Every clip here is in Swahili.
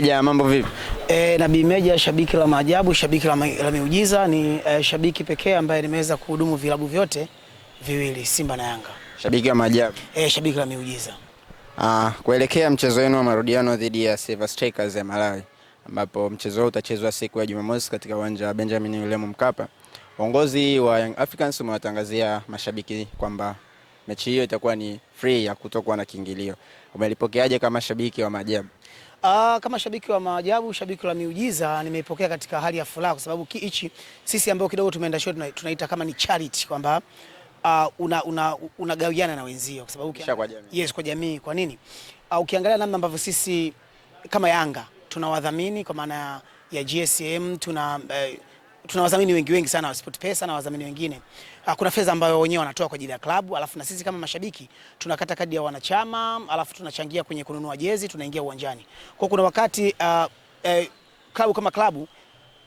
Meja, mambo vipi? E, Nabii Meja shabiki la maajabu, shabiki la, ma, la miujiza ni e, shabiki pekee ambaye nimeweza kuhudumu vilabu vyote viwili Simba na Yanga. Shabiki wa maajabu. E, shabiki la miujiza. Ah, kuelekea mchezo wenu wa marudiano dhidi ya Silver Strikers ya Malawi ambapo mchezo huo utachezwa siku ya Jumamosi katika uwanja wa Benjamin William Mkapa. Uongozi wa Young Africans umewatangazia mashabiki kwamba mechi hiyo itakuwa ni free ya kutokuwa na kiingilio. Umelipokeaje kama shabiki wa maajabu? Uh, kama shabiki wa maajabu, shabiki la miujiza nimeipokea katika hali ya furaha kwa sababu hichi sisi ambao kidogo tumeenda show tunaita kama ni charity kwamba uh, una, una, unagawiana na wenzio kwa sababu kwa jamii. Yes, kwa jamii kwa nini? Uh, ukiangalia namna ambavyo sisi kama Yanga tunawadhamini kwa maana ya GSM tuna uh, tuna wadhamini wengi wengi sana wa Sport Pesa na wadhamini wengine. Ah, kuna fedha ambayo wenyewe wanatoa kwa ajili ya klabu, alafu na sisi kama mashabiki tunakata kadi ya wanachama, alafu tunachangia kwenye kununua jezi, tunaingia uwanjani. Kwa kuna wakati uh, eh, klabu kama klabu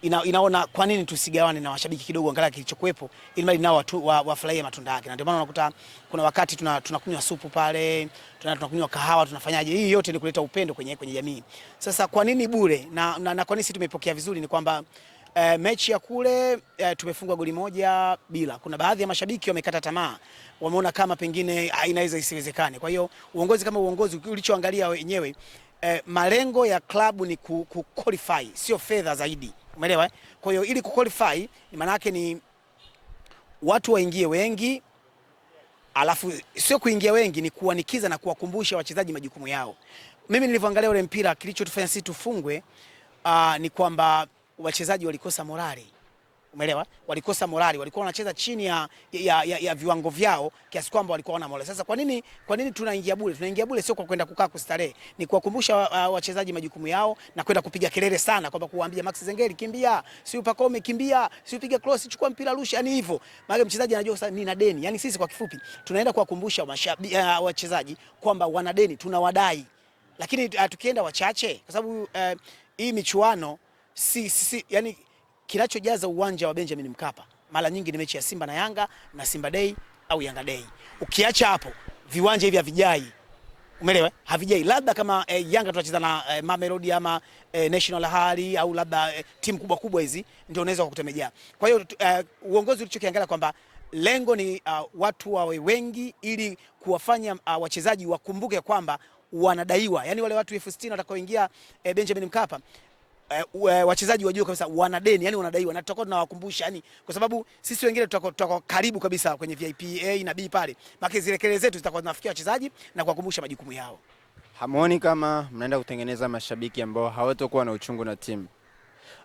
ina, inaona kwa nini tusigawane na washabiki kidogo, angalau kilichokuwepo, ili mali nao wa, wafurahie matunda yake, na ndio maana unakuta kuna wakati tunakunywa tuna supu pale, tuna, tunakunywa kahawa, tunafanyaje. Hii yote ni kuleta upendo kwenye, kwenye jamii. Sasa kwa nini bure na, na, na kwa nini sisi tumepokea vizuri ni kwamba E, mechi ya kule e, tumefungwa goli moja bila. Kuna baadhi ya mashabiki wamekata tamaa, wameona kama pengine inaweza isiwezekane. Kwa hiyo uongozi kama uongozi ulichoangalia wenyewe e, malengo ya klabu ni ku, ku qualify, sio fedha zaidi, umeelewa eh? Kwa hiyo ili ku qualify maana yake ni watu waingie wengi alafu sio kuingia wengi, ni kuanikiza na kuwakumbusha wachezaji majukumu yao. Mimi nilivyoangalia ule mpira, kilichotufanya sisi tufungwe uh, ni kwamba wachezaji walikosa morali, umeelewa? Walikosa morali, walikuwa wanacheza chini ya, ya, ya, ya viwango vyao kiasi kwamba walikuwa wana morali. Sasa kwa nini, kwa nini tunaingia bure? Tunaingia bure sio kwa kwenda kukaa kustarehe, ni kuwakumbusha uh, uh, wachezaji majukumu yao na kwenda kupiga kelele sana, kwamba kuwaambia Max Zengeli kimbia, si upakome kimbia, si upige cross, chukua mpira rusha, yani hivyo. Maana mchezaji anajua sasa nina deni, yani sisi kwa kifupi tunaenda kuwakumbusha mashabiki uh, wachezaji kwamba wana deni, tunawadai, lakini uh, tukienda wachache kwa sababu uh, hii michuano si, si, si, yani kinachojaza uwanja wa Benjamin Mkapa mara nyingi ni mechi ya Simba na Yanga na Simba Day au Yanga Day. Ukiacha hapo viwanja hivi havijai, umeelewa? Eh? Havijai labda kama eh, Yanga tutacheza na eh, Mamelodi ama eh, National Hali au labda eh, timu kubwa kubwa hizi ndio unaweza kukutemejea. Kwa hiyo eh, uongozi ulichokiangalia kwamba lengo ni uh, watu wawe wengi ili kuwafanya uh, wachezaji wakumbuke kwamba wanadaiwa, yani wale watu elfu sitini watakaoingia eh, Benjamin Mkapa uh, uh, wachezaji wajue kabisa wana deni, yani wanadaiwa, na tutakuwa tunawakumbusha yani, kwa sababu sisi wengine tutakuwa karibu kabisa kwenye VIP A na B pale, maana zile kelele zetu zitakuwa zinafikia wachezaji na kuwakumbusha majukumu yao. Hamuoni kama mnaenda kutengeneza mashabiki ambao hawatokuwa na uchungu na timu?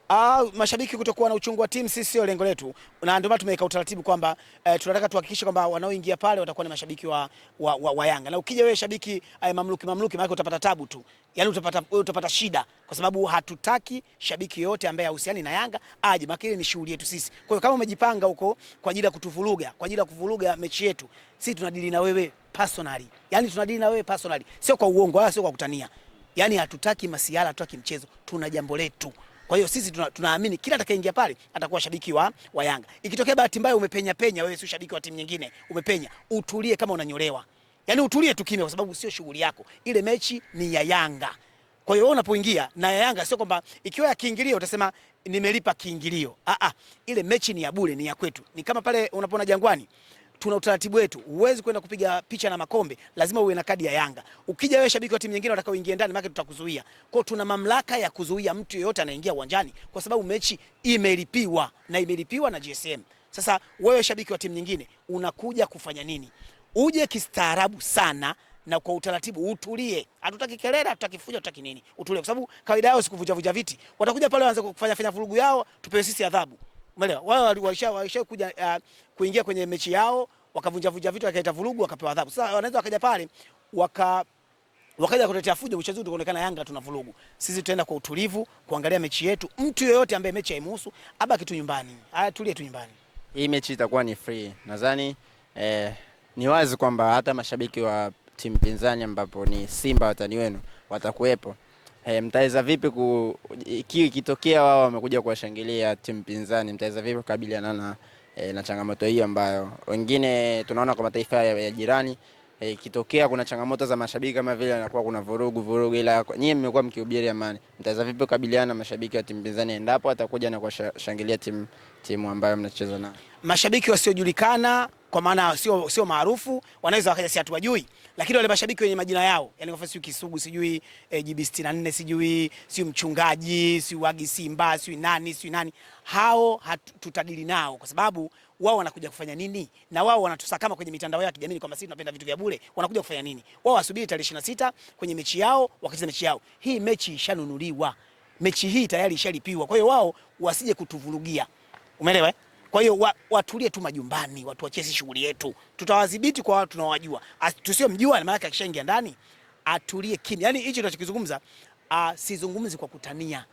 Ah, mashabiki kutokuwa na uchungu wa timu, sisi sio lengo letu, na ndio maana tumeweka utaratibu kwamba eh, tunataka tuhakikishe kwamba wanaoingia pale watakuwa ni mashabiki wa, wa, wa, wa Yanga. Na ukija wewe shabiki eh, mamluki mamluki, maana utapata tabu tu, yaani utapata, utapata shida, kwa sababu hatutaki shabiki yote ambaye hahusiani na Yanga aje, makini ni shughuli yetu sisi. Kwa hiyo kama umejipanga huko kwa ajili ya kutuvuruga, kwa ajili ya kuvuruga mechi yetu, sisi tunadili na wewe personally, yaani tunadili na wewe personally, sio kwa uongo wala sio kwa kutania, yaani hatutaki masiala, hatutaki mchezo, tuna jambo letu. Kwa hiyo sisi tunaamini kila atakayeingia pale atakuwa shabiki wa, wa Yanga. Ikitokea bahati mbaya umepenya penya, wewe si shabiki wa timu nyingine, umepenya, utulie kama unanyolewa. Yaani utulie tu kimya kwa sababu sio shughuli yako. Ile mechi ni ya Yanga. Kwa hiyo wewe unapoingia na ya Yanga sio kwamba ikiwa ya kiingilio utasema nimelipa kiingilio. Ah ah, ile mechi ni ya bure, ni ya kwetu. Ni kama pale unapoona Jangwani tuna utaratibu wetu. Huwezi kwenda kupiga picha na makombe, lazima uwe na kadi ya Yanga. Ukija wewe shabiki wa timu nyingine utakaoingia ndani, maana tutakuzuia. Kwa tuna mamlaka ya kuzuia mtu yeyote anaingia uwanjani, kwa sababu mechi imelipiwa na imelipiwa na GSM. Sasa wewe shabiki wa timu nyingine unakuja kufanya nini? Uje kistaarabu sana na kwa utaratibu utulie. Hatutaki kelele, hatutaki fujo, hatutaki nini. Utulie kwa sababu kawaida yao sikuvuja vuja viti. Watakuja pale waanze kufanya fanya vurugu yao, tupewe sisi adhabu. Umeelewa? Wao walisha kuja uh, kuingia kwenye mechi yao wakavunja vunja vitu, wakaleta vurugu, wakapewa adhabu. Sasa wanaweza wakaja pale waka wakaja kutetea fujo, mchezo wetu kuonekana Yanga tuna vurugu. Sisi tutaenda kwa utulivu kuangalia mechi yetu. Mtu yoyote ambaye mechi haimhusu aba kitu nyumbani, haya tulie tu nyumbani. Hii mechi itakuwa ni free, nadhani eh, ni wazi kwamba hata mashabiki wa timu pinzani ambapo ni Simba watani wenu watakuwepo. Hey, eh, mtaweza vipi ku, iki ikitokea wao wamekuja kuwashangilia timu pinzani, mtaweza vipi kukabiliana na e, na changamoto hii ambayo wengine tunaona kwa mataifa ya, ya jirani eh, ikitokea e, kuna changamoto za mashabiki kama vile anakuwa kuna vurugu vurugu, ila nyinyi mmekuwa mkihubiri amani, mtaweza vipi kukabiliana na mashabiki wa timu pinzani endapo atakuja na kuwashangilia timu timu ambayo mnacheza nayo? mashabiki wasiojulikana kwa maana sio sio maarufu, wanaweza wakaja, si hatuwajui, lakini wale mashabiki wenye majina yao, yani kwa mfano Kisugu sijui e, GB 64 sijui si mchungaji si wagi Simba si nani si nani, hao tutadili nao kwa sababu wao wanakuja kufanya nini? Na wao wanatusakama kwenye mitandao ya kijamii kwamba sisi tunapenda vitu vya bure, wanakuja kufanya nini? Wao wasubiri tarehe 26 kwenye mechi yao, wakacheza mechi yao. Hii mechi ishanunuliwa, mechi hii tayari ishalipiwa. Kwa hiyo wao wasije kutuvurugia, umeelewa eh? Kwa hiyo wa, watulie tu majumbani, watu wachezi shughuli yetu, tutawadhibiti kwa watu tunaowajua. Tusiomjua maana akishaingia ndani atulie kimya. Yani hicho tunachokizungumza asizungumzi kwa kutania,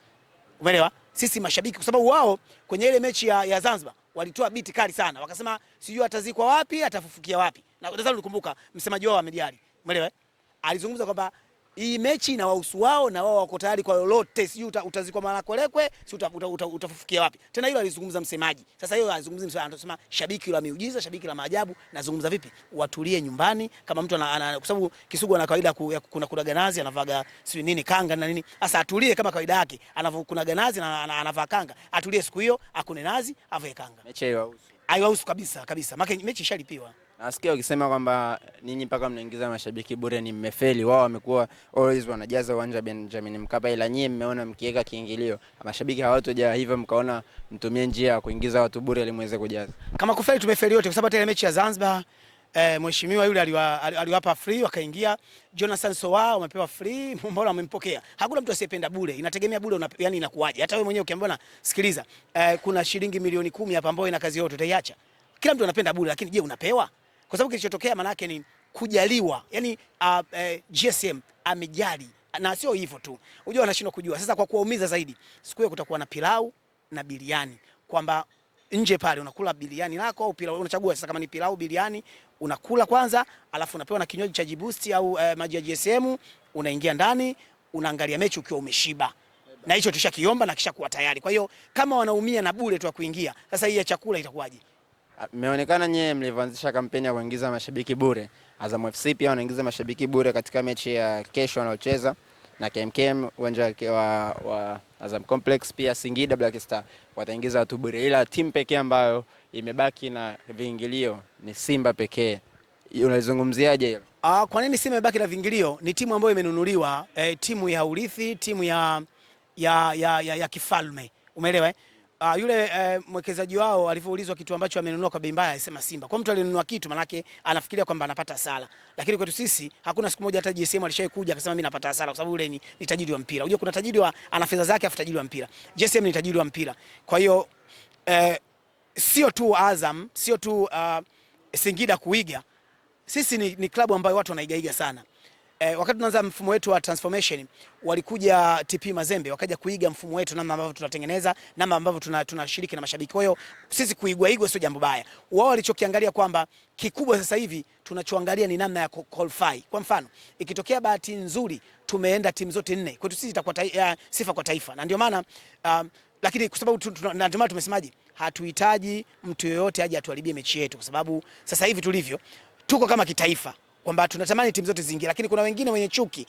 umeelewa? Sisi mashabiki, kwa sababu wao kwenye ile mechi ya, ya Zanzibar walitoa biti kali sana, wakasema sijui atazikwa wapi, atafufukia wapi. Na ulikumbuka msemaji wao wa Mediali, umeelewa, alizungumza kwamba hii mechi inawahusu wao na wao wako tayari kwa lolote, si utazikwa mara kolekwe, si utafufukia wapi tena? Hilo alizungumza msemaji. Sasa hiyo alizungumza msemaji, anasema shabiki la miujiza, shabiki la maajabu. Nazungumza vipi? Watulie nyumbani, kama mtu ana, kwa sababu Kisugu ana kawaida ku, kuna kuna ganazi anavaga si nini kanga na nini. Sasa atulie kama kawaida yake, anavokuna ganazi na anavaa kanga, atulie siku hiyo akune nazi avae kanga. Mechi hiyo haiwahusu kabisa kabisa, mechi ishalipiwa. Nasikia ukisema kwamba ninyi mpaka mnaingiza mashabiki bure ni mmefeli. Wao wamekuwa always wanajaza uwanja Benjamin Mkapa, ila nyinyi mmeona mkiweka kiingilio mashabiki hawatoja, hivyo mkaona mtumie njia ya kuingiza watu bure ili muweze kujaza. Kama kufeli, tumefeli wote, kwa sababu hata ile mechi ya Zanzibar eh, mheshimiwa yule aliwa, aliwapa free wakaingia. Jonathan Sowa umepewa free, mbona wamempokea? Hakuna mtu asiyependa bure, inategemea bure una, yani inakuaje? Hata wewe mwenyewe ukiambiwa, sikiliza, eh, kuna shilingi milioni kumi hapa ambayo ina kazi yote utaiacha. Kila mtu anapenda bure, lakini je, unapewa kwa sababu kilichotokea maana yake ni kujaliwa, yani uh, uh, e, GSM amejali na sio hivyo tu, unajua anashindwa kujua. Sasa kwa kuwaumiza zaidi, siku hiyo kutakuwa na pilau na biriani, kwamba nje pale unakula biriani lako au pilau, unachagua sasa kama ni pilau biriani unakula kwanza, alafu unapewa na kinywaji cha jibusti au uh, maji ya GSM, unaingia ndani unaangalia mechi ukiwa umeshiba, na hicho tushakiomba na kisha kuwa tayari. Kwa hiyo kama wanaumia na bure tu kuingia, sasa hii ya chakula itakuwaje? Ah, mmeonekana nyie mlivyoanzisha kampeni ya kuingiza mashabiki bure, Azam FC pia wanaingiza mashabiki bure katika mechi ya kesho wanaocheza na KMKM uwanja wa, wa Azam Complex. Pia Singida Black Star wataingiza watu bure, ila timu pekee ambayo imebaki na viingilio ni Simba pekee. Unalizungumziaje hilo? Ah, kwa nini Simba imebaki na viingilio? Ni timu ambayo imenunuliwa eh, timu ya urithi, timu ya, ya, ya, ya, ya kifalme, umeelewa eh? Uh, yule uh, mwekezaji wao alivyoulizwa kitu ambacho amenunua kwa bei mbaya alisema Simba. Kwa mtu alinunua kitu manake anafikiria kwamba anapata hasara. Lakini kwetu sisi hakuna siku moja hata JSM alishaye kuja akasema mimi napata hasara kwa sababu yule ni, ni tajiri wa mpira. Unajua kuna tajiri wa ana fedha zake afu tajiri wa mpira. JSM ni tajiri wa mpira. Kwa hiyo eh, sio tu Azam, sio tu uh, Singida kuiga. Sisi ni, ni klabu ambayo watu wanaigaiga sana. Eh, wakati tunaanza mfumo wetu wa transformation walikuja TP Mazembe wakaja kuiga mfumo wetu, namna ambavyo tunatengeneza, namna ambavyo tunashiriki tuna na mashabiki. Kwa hiyo sisi kuigwa igwa sio jambo baya. Wao walichokiangalia kwamba kikubwa sasa hivi tunachoangalia ni namna ya qualify. Kwa mfano, ikitokea bahati nzuri tumeenda timu zote nne, kwetu sisi itakuwa uh, sifa kwa taifa. Na ndio maana um, lakini kwa sababu ndio maana tumesemaje, hatuhitaji mtu yoyote aje atuharibie mechi yetu, kwa sababu sasa hivi tulivyo tuko kama kitaifa kwamba tunatamani timu zote ziingie, lakini kuna wengine wenye chuki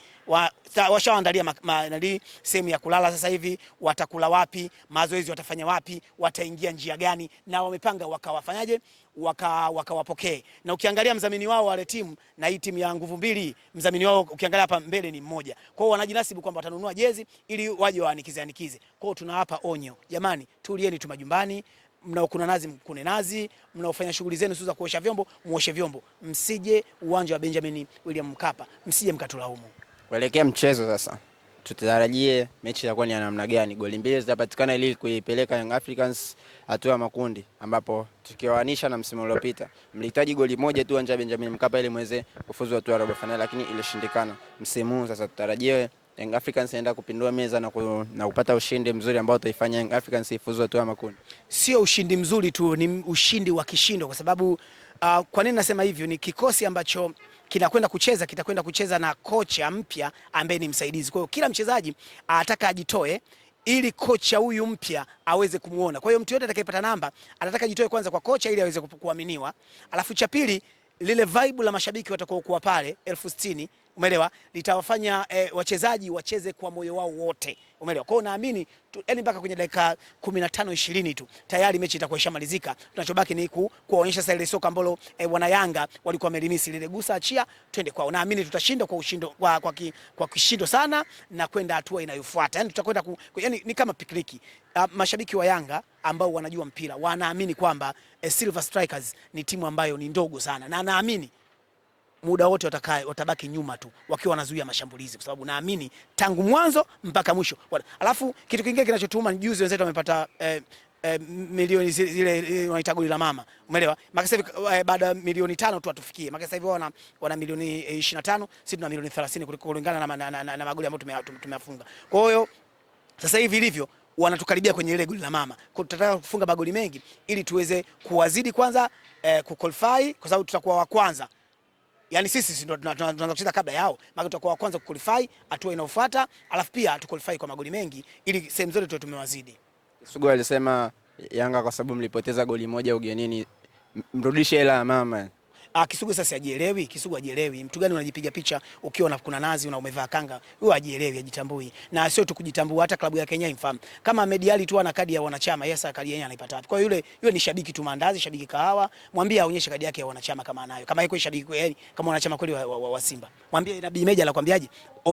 washawaandalia wa sehemu ya kulala. Sasa hivi watakula wapi? Mazoezi watafanya wapi? Wataingia njia gani? Na wamepanga wakawafanyaje, wakawapokee waka. Na ukiangalia mdhamini wao wale timu na hii timu ya nguvu mbili, mdhamini wao ukiangalia hapa mbele ni mmoja. Kwa hiyo wanajinasibu kwamba watanunua jezi ili waje waanikize anikize. Kwa hiyo tunawapa onyo, jamani, tulieni tu majumbani mnaokuna nazi mkune nazi, mnaofanya shughuli zenu sio za kuosha vyombo muoshe vyombo, msije uwanja wa Benjamin William Mkapa, msije mkatulaumu. Kuelekea mchezo sasa, tutarajie mechi itakuwa ni ya namna gani? Goli mbili zitapatikana ili kuipeleka Young Africans hatua ya makundi, ambapo tukiwaanisha na msimu uliopita mlihitaji goli moja tu uwanja wa Benjamin Mkapa ili muweze kufuzu hatua ya robo fainali, lakini ilishindikana. Msimu huu sasa tutarajie Young Africans inaenda kupindua meza na, ku, na kupata ushindi mzuri ambao utaifanya Young Africans ifuzu hatua ya makundi. Sio ushindi mzuri tu, ni ushindi wa kishindo kwa sababu uh, kwa nini nasema hivyo? Ni kikosi ambacho kinakwenda kucheza kitakwenda kucheza na kocha mpya ambaye ni msaidizi. Kwa hiyo kila mchezaji anataka ajitoe ili kocha huyu mpya aweze kumuona. Kwa hiyo mtu yote atakayepata namba anataka ajitoe kwanza kwa kocha ili aweze kuaminiwa, alafu cha pili lile vibe la mashabiki kuwa pale elfu sitini umeelewa, litawafanya e, wachezaji wacheze kwa moyo wao wote, umeelewa. Kwa hiyo naamini yani mpaka kwenye dakika 15 20 tu tayari mechi itakuwa ishamalizika. Tunachobaki ni kuwaonyesha sasa ile soka ambalo e, wana Yanga walikuwa wamelimisi lile gusa achia, twende kwao. Naamini tutashinda kwa ushindo kwa, kwa, ki, kwa kishindo sana na kwenda hatua inayofuata, yani tutakwenda yani ni kama pikniki. Uh, ah, mashabiki wa Yanga ambao wanajua mpira wanaamini kwamba e, Silver Strikers ni timu ambayo ni ndogo sana na naamini muda wote watakaye watabaki nyuma tu wakiwa wanazuia mashambulizi, kwa sababu naamini tangu mwanzo mpaka mwisho. Alafu kitu kingine kinachotuma, juzi wenzetu wamepata eh, eh, milioni zile eh, wanaita goli la mama, umeelewa? Maka sasa eh, baada ya milioni tano tu atufikie. Maka sasa hivi wana, wana milioni 25, eh, sisi tuna milioni 30 kulingana na, na, na, na, na magoli ambayo tumeyafunga. Kwa hiyo sasa hivi ilivyo wanatukaribia kwenye ile goli la mama. Kwa tutataka kufunga magoli mengi ili tuweze kuwazidi kwanza eh, kuqualify kwa sababu tutakuwa wa kwanza yani sisi ndio tunaanza kucheza kabla yao, maana tutakuwa wa kwanza kuqualify hatua inayofuata, alafu pia tuqualify kwa magoli mengi ili sehemu zote tuwe tumewazidi. Sugu alisema Yanga, kwa sababu mlipoteza goli moja ugenini, mrudishe hela ya mama. Ah, Kisugu sasa ajielewi, Kisugu ajielewi. Mtu gani unajipiga picha ukiwa na kuna nazi na umevaa kanga? Huyo ajielewi, ajitambui. Na sio tu kujitambua hata klabu ya Kenya imfahamu. Kama mediali tu ana kadi ya wanachama, yes kadi yenyewe anaipata wapi? Kwa hiyo yule yule ni shabiki tu mandazi, shabiki kahawa, mwambie aonyeshe kadi yake ya wanachama kama anayo. Kama yeye shabiki kweli, kama wanachama kweli wa, wa, wa, wa Simba. Mwambie Nabii Meja la kwambiaje?